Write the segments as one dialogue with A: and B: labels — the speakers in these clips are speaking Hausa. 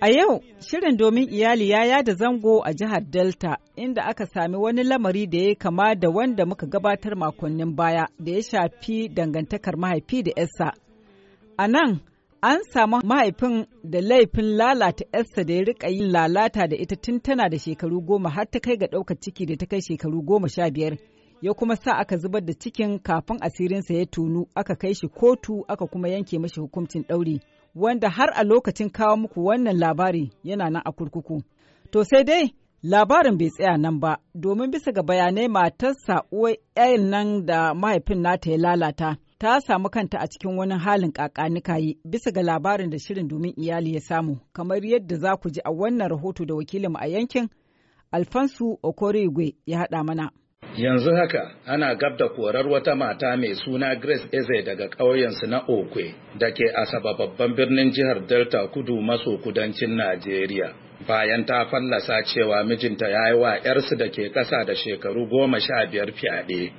A: A yau, shirin domin iyali ya yada zango a jihar Delta, inda aka sami wani lamari da ya kama da wanda muka gabatar makonnin baya da ya shafi dangantakar mahaifi da ‘yarsa. A nan, an samu mahaifin da laifin lalata ‘yarsa da ya rika yin lalata da ita tun tana da shekaru goma har ta kai ga ɗaukar ciki da ta kai shekaru goma sha biyar. Ya kuma sa aka zubar da cikin kafin asirinsa ya tunu, aka kai shi kotu, aka kuma yanke mashi hukuncin ɗauri. wanda har a lokacin kawo muku wannan labari yana nan a kurkuku. To sai dai labarin bai tsaya nan ba, domin bisa ga bayanai matarsa uwar yayin nan da mahaifin nata ya lalata. Ta samu kanta a cikin wani halin yi, bisa ga labarin da shirin domin iyali ya samu, kamar yadda za ku ji a wannan rahoto da wakilinmu a yankin Alfansu Okorigwe ya haɗa mana. Yanzu haka
B: ana gab da korar wata mata mai suna Grace Eze daga ƙauyensu na Okwe da ke Asaba babban birnin jihar Delta kudu maso kudancin Najeriya. Bayan ta fallasa cewa mijinta ya yi wa 'yarsu da ke ƙasa da shekaru goma sha biyar fyaɗe.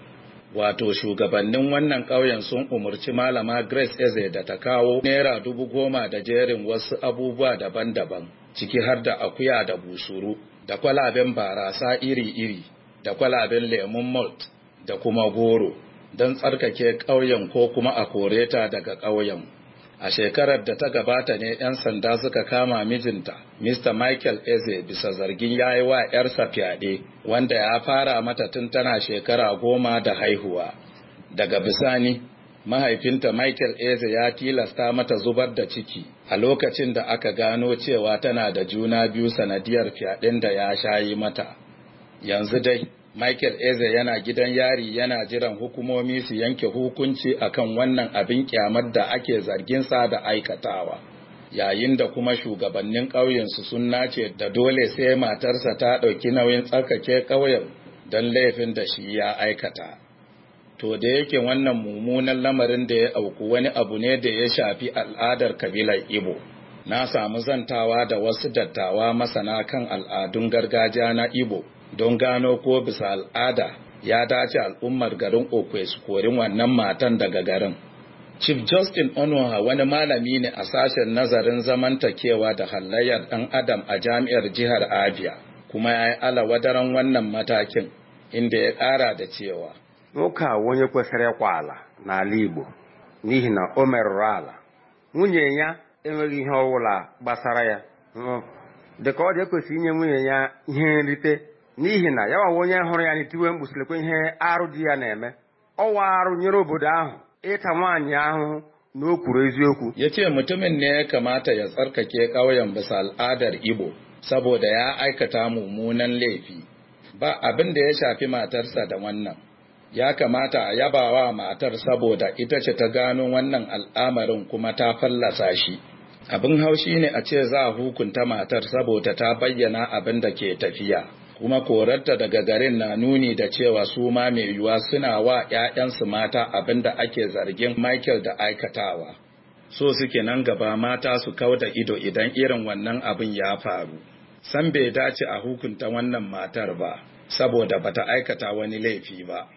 B: Wato shugabannin wannan ƙauyen sun umarci malama Grace Eze da ta kawo naira dubu goma da jerin wasu abubuwa daban-daban, ciki har da akuya da busuru, da kwalaben barasa iri-iri. da kwalaben lemon malt da kuma goro don tsarkake ƙauyen ko kuma a koreta daga ƙauyen. A shekarar da ta gabata ne 'yan sanda suka kama mijinta, Mr. Michael Eze bisa zargin ya yi wa 'yarsa fyaɗe, wanda ya fara mata tun tana shekara goma da haihuwa. Daga bisani, mahaifinta Michael Eze ya tilasta mata zubar da ciki a lokacin da aka gano cewa tana da juna biyu sanadiyar fyaɗen da ya shayi mata. yanzu dai Michael Eze yana gidan yari yana jiran hukumomi su yanke hukunci akan wannan abin kyamar da ake zarginsa da aikatawa. Yayin da kuma shugabannin ƙauyensu sun nace da dole sai matarsa ta ɗauki nauyin tsarkake ƙauyen don laifin da shi ya aikata. To da yake wannan mummunan lamarin da ya auku wani abu ne da ya shafi al'adar kabilar Ibo. Na samu zantawa da wasu dattawa masana kan al'adun gargajiya na Ibo. don gano ko bisa al'ada ya dace al'ummar garin okwe su kori wannan matan daga garin chief justin onoha wani malami ne a sashen nazarin zamantakewa da halayyar ɗan adam a jami'ar jihar abia kuma ya yi alawadaran wannan matakin inda ya ƙara da cewa nwoke wani kwasar kwala na libo n'ihi na Omer Rala, nwunye ya enweghị ihe ọwụla gbasara ya hmm. dịka ọ dị ekwesị inye nwunye ya ihe nrite n'ihi na ya nwawa onye hụrụ ya n'itiwe mkpusilikwa ihe arụ dị ya na-eme ọwa arụ nyere obodo ahụ ịta nwaanyị ahụhụ na o kwuru eziokwu ya ce mutumin ne ya kamata ya tsarkake ƙauyen bisa al'adar igbo saboda ya aikata mummunan laifi ba abin da ya shafi matarsa da wannan ya kamata a yabawa matar saboda ita ce ta gano wannan al'amarin kuma ta fallasa shi abin haushi ne a ce za a hukunta matar saboda ta bayyana abin da ke tafiya kuma korarta daga garin na nuni da cewa su ma mai yiwuwa suna wa 'ya'yansu mata abin da ake zargin Michael da aikatawa. So suke nan gaba mata su kauda ido idan irin wannan abin ya faru. San bai dace a hukunta wannan matar ba, saboda bata aikata wani laifi ba.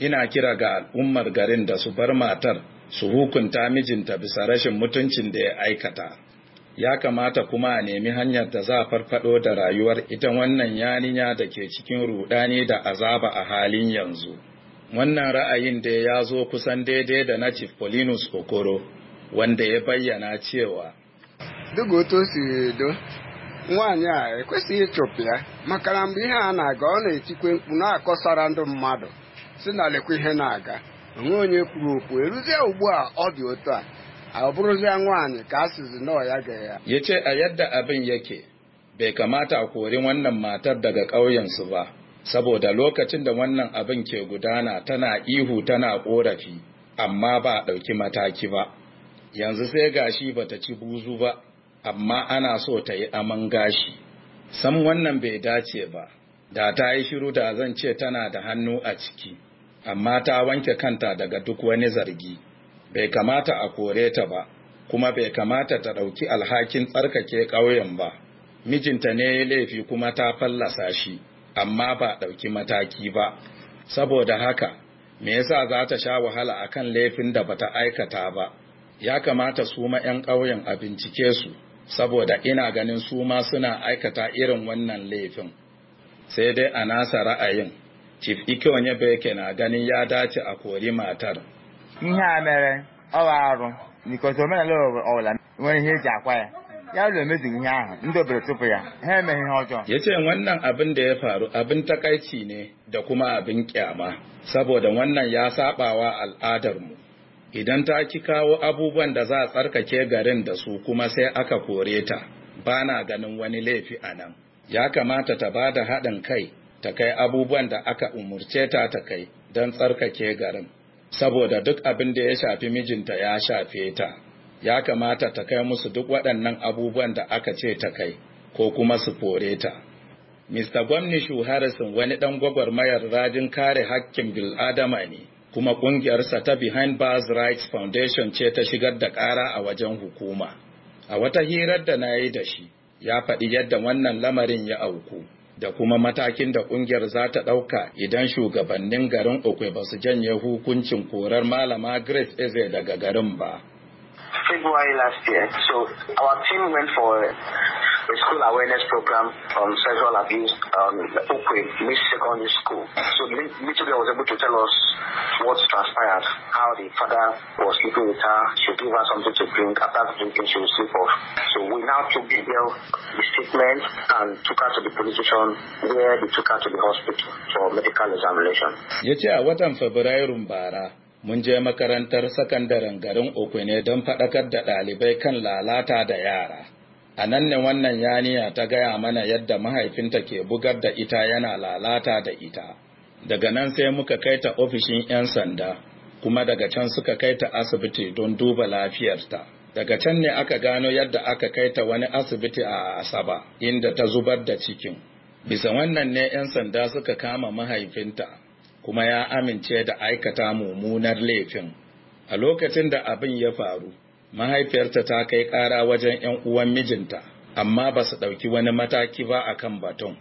B: Ina kira ga al'ummar garin da su bar matar su hukunta mijinta bisa rashin mutuncin da ya aikata. ya kamata kuma a nemi hanyar da za a farfado da rayuwar ita wannan yaninya da ke cikin rudani da azaba a halin yanzu. Wannan ra'ayin da ya zo kusan daidai da na Chief Polinus Okoro, wanda ya bayyana cewa. Duk to si do, nwaanyị a ekwesịghị ịchụpụ ya maka na mgbe ihe a na-aga ọ na-etikwe mkpu na-akọsara ndụ mmadụ si na lekwa ihe na-aga onwe onye kwuru okwu eruzie ugbu a ọ dị otu a A a ya gaya. ya ce a yadda abin yake bai kamata a kori wannan matar daga ƙauyensu ba saboda lokacin da wannan abin ke gudana tana ihu tana ƙorafi amma ba a ɗauki mataki ba yanzu sai gashi ba ta ci buzu ba amma ana so ta yi aman gashi san wannan bai dace ba da ta yi shiru da zan ce tana da hannu a ciki amma ta wanke kanta daga duk wani zargi bai kamata a kore ta ba kuma bai kamata ta ɗauki alhakin tsarkake ƙauyen ba mijinta ne ya laifi kuma ta fallasa shi amma ba ɗauki mataki ba saboda haka me yasa za ta sha wahala akan laifin da bata aikata ba ya kamata su ma 'yan ƙauyen a bincike su saboda ina ganin su ma suna aikata irin wannan laifin sai dai a nasa ra'ayin chief ikonye beke na ganin ya dace a kori matar ihe a mere ọwa arụ n'ikọta omenala ọbụla nwere ihe eji akwa ya ya ụlọ emezighị ihe ahụ ndị obere tupu ya ha emeghị ihe ọjọọ ya ce wannan abin da ya faru abin takaici ne da kuma abin kyama saboda wannan ya sabawa al'adarmu idan ta ki kawo abubuwan da za a tsarkake garin da su kuma sai aka kore ta ba na ganin wani laifi a nan ya kamata ta ba da haɗin kai ta kai abubuwan da aka umurce ta ta kai don tsarkake garin saboda duk abin da ya shafi mijinta ya shafe ta, ya kamata ta kai musu duk waɗannan abubuwan da aka ce ta kai, ko kuma su fore ta. Mr. Gwamnishu Harrison wani ɗan gwagwarmayar rajin kare hakkin bil'adama ne, kuma ƙungiyarsa ta Behind Bars Rights Foundation ce ta shigar da ƙara a wajen hukuma. A wata hirar da na yi da shi, ya faɗi yadda wannan lamarin ya auku. da kuma matakin da kungiyar za ta ɗauka idan shugabannin garin Okwe ba su janye hukuncin korar malama Grace Eze daga garin ba. February last year, so our team went for a school awareness program on sexual abuse um, Ukwe, Miss Secondary School. So Mitchell was able to tell us what transpired, how the father was sleeping with her, she gave her something to drink, after drinking she would sleep
A: off. So we now took the girl, the statement, and took her to the police station where they took her to the hospital for medical examination.
B: Ya ce a watan Fabrairun bara, mun je makarantar sakandaren garin Okwe ne don faɗakar da ɗalibai kan lalata da yara. a nan ne wannan yaniya ta gaya mana yadda mahaifinta ke bugar da ita yana lalata da ita daga nan sai muka kai ta ofishin 'yan sanda kuma daga can suka kai ta asibiti don duba lafiyarta daga can ne aka gano yadda aka kai ta wani asibiti a asaba inda ta zubar da cikin bisa wannan ne 'yan sanda suka kama mahaifinta kuma ya amince da aikata mummunar laifin a lokacin da abin ya faru mahaifiyarta ta kai ƙara wajen 'yan uwan mijinta amma ba su ɗauki wani mataki ba a kan baton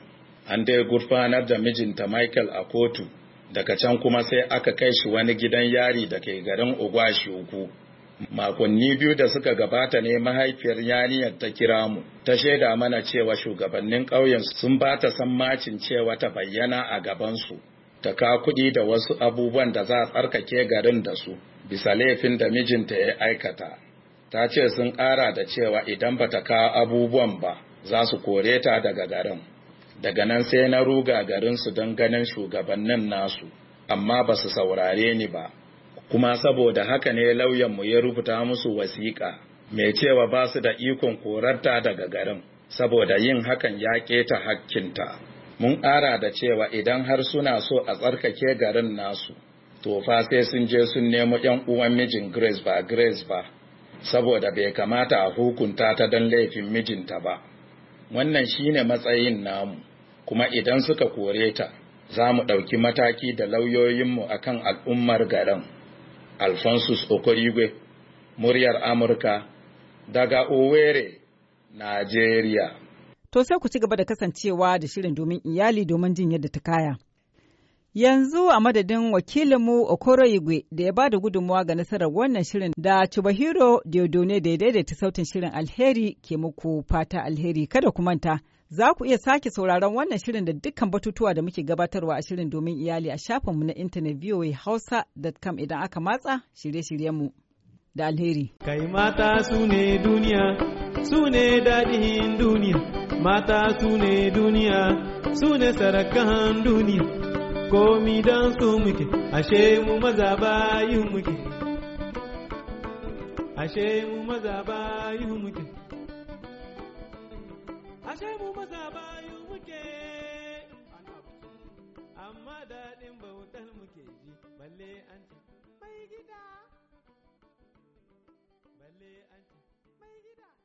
B: an dai gurfanar da mijinta michael a kotu daga can kuma sai aka kai shi wani gidan yari da ke garin uku makonni biyu da suka gabata ne mahaifiyar yaniyar ta kira mu ta shaida mana cewa shugabannin ƙauyen sun ba ta macin cewa ta bayyana a gabansu ta ka kuɗi da wasu abubuwan da za a tsarkake garin da su bisa laifin da mijinta ya aikata ta ce sun ƙara da cewa idan ba ta kawo abubuwan ba za su kore ta daga garin daga nan sai na ruga garinsu don ganin shugabannin nasu amma ba su saurare ni ba kuma saboda haka ne lauyanmu ya rubuta musu wasiƙa mai cewa ba su da ikon korarta daga garin saboda yin hakan ya keta hakkinta mun ƙara da cewa idan har suna so a tsarkake garin nasu to fa sai sun je sun nemo 'yan uwan mijin grace ba grace ba saboda bai kamata a hukunta ta don laifin mijinta ba wannan shine matsayin namu kuma idan suka kore ta za mu ɗauki mataki da lauyoyinmu a kan al'ummar garin alphonsus okorigwe muryar amurka daga owerri najeriya
A: to sai ku ci gaba da kasancewa da shirin domin iyali domin jin yadda ta kaya Yanzu a madadin wakilinmu Okoro Igwe da ya ba da gudunmawa ga nasarar wannan shirin da Chubahiro Diodone da ya daidaita sautin shirin alheri ke muku fata alheri kada ku manta. Za ku iya sake sauraron wannan shirin da dukkan batutuwa da muke gabatarwa a shirin domin iyali a shafinmu na intanet voahausa.com idan aka matsa shirye-shiryenmu da alheri. Kai mata su ne duniya, su ne daɗin duniya, mata su ne duniya, su ne
B: sarakan duniya. komi don su muke ashe mu maza bayin
A: muke ashe mu maza bayin muke
B: ashe mu maza bayin muke amma daɗin bautar muke ji balle an
A: ce mai gida balle an ce mai gida